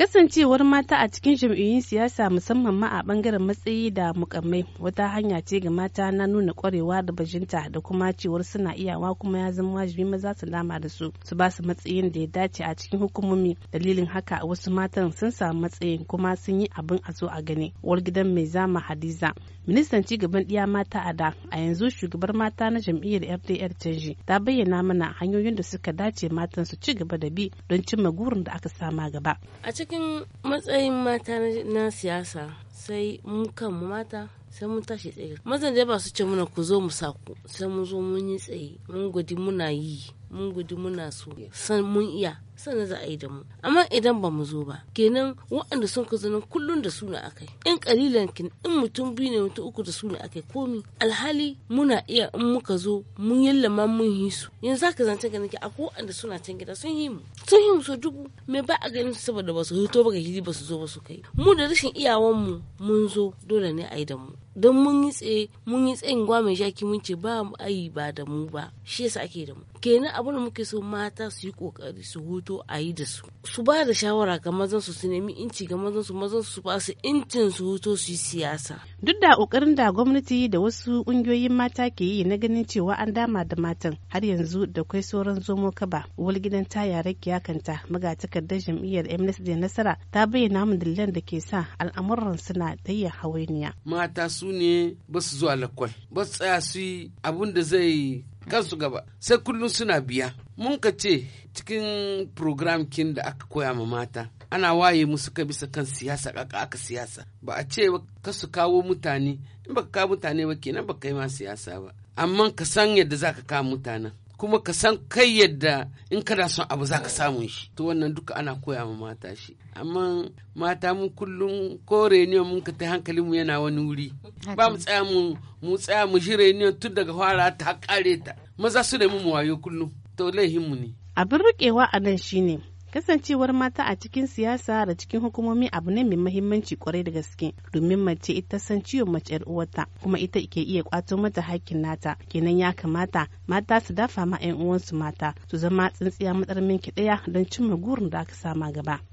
Kasancewar mata a cikin jam'iyyun siyasa musamman ma a bangaren matsayi da mukammai wata hanya ce ga mata na nuna kwarewa da bajinta da kuma cewar suna iyawa kuma ya zama wajibi maza su lama da su su ba su matsayin da ya dace a cikin hukumomi dalilin haka wasu matan sun samu matsayin kuma sun yi abin a zo a gani uwar gidan mai zama hadiza ministan gaban ɗiya mata a da a yanzu shugabar mata na jam'iyyar fdr canji ta bayyana mana hanyoyin da suka dace matan su ci gaba da bi don cimma gurin da aka sama gaba cikin matsayin mata na siyasa sai mukan kan mata sai mun tashi tsaye mazan ba su ce muna ku zo mu saku sai mun zo mun yi tsaye mun gudu muna yi mun gudu muna so san mun iya sannan za a yi da mu amma idan ba mu zo ba kenan waɗanda sun ka zanen kullum da suna akai in kalilan kin in mutum biyu ne mutum uku da suna akai komi alhali muna iya in muka zo mun ma mun yi su yanzu ka zance ga nake akwai waɗanda suna can gida sun yi mu sun yi mu so dubu me ba a ganin su saboda ba su hito ba ga hidi ba su zo ba su kai mu da rashin iyawan mu mun zo dole ne a yi da mu don mun yi tsaye mun yi tsayin mai shaki mun ce ba mu ayi ba da mu ba shi yasa ake da mu kenan abin da muke so mata su yi kokari su hutu fito a yi da su su ba da shawara ga mazan su su nemi inci ga mazan su mazan su ba su incin su huto su siyasa duk da kokarin da gwamnati da wasu kungiyoyin mata ke yi na ganin cewa an dama da matan har yanzu da kwai sauran zomo kaba uwar gidan ta yare kiyakanta magatakardar jam'iyyar MNS da nasara ta bayyana mu dalilan da ke sa al'amuran suna tayya hawainiya mata su ne ba su zuwa lakwal ba su tsaya su yi abun da zai kansu gaba sai kullum suna biya mun ka ce cikin program kin da aka koya ma mata ana waye musu ka bisa kan siyasa kaka aka siyasa ba a ce ka su kawo mutane in baka kawo mutane ba kenan baka yi ma siyasa ba amma ka san yadda zaka kawo mutanen kuma ka san kai yadda in kana son abu za ka samun shi to wannan duka ana koya ma mata shi amma mata mu kullum ko reniyon mun ka ta hankali mu yana wani wuri ba mu tsaya mu mu tsaya mu ji reniyon tun daga fara ta kare ta maza su da mu wayo kullum to laihinmu ne abin rikewa a nan shine kasancewar mata a cikin siyasa da cikin hukumomi abu ne mai mahimmanci kwarai da gaske domin mace ita san ciwon mace yar uwarta kuma ita ke iya kwato mata hakkin nata kenan ya kamata mata su dafa ma yan uwansu mata su zama tsintsiya matsarmin ki daya don cimma gurin da aka sama gaba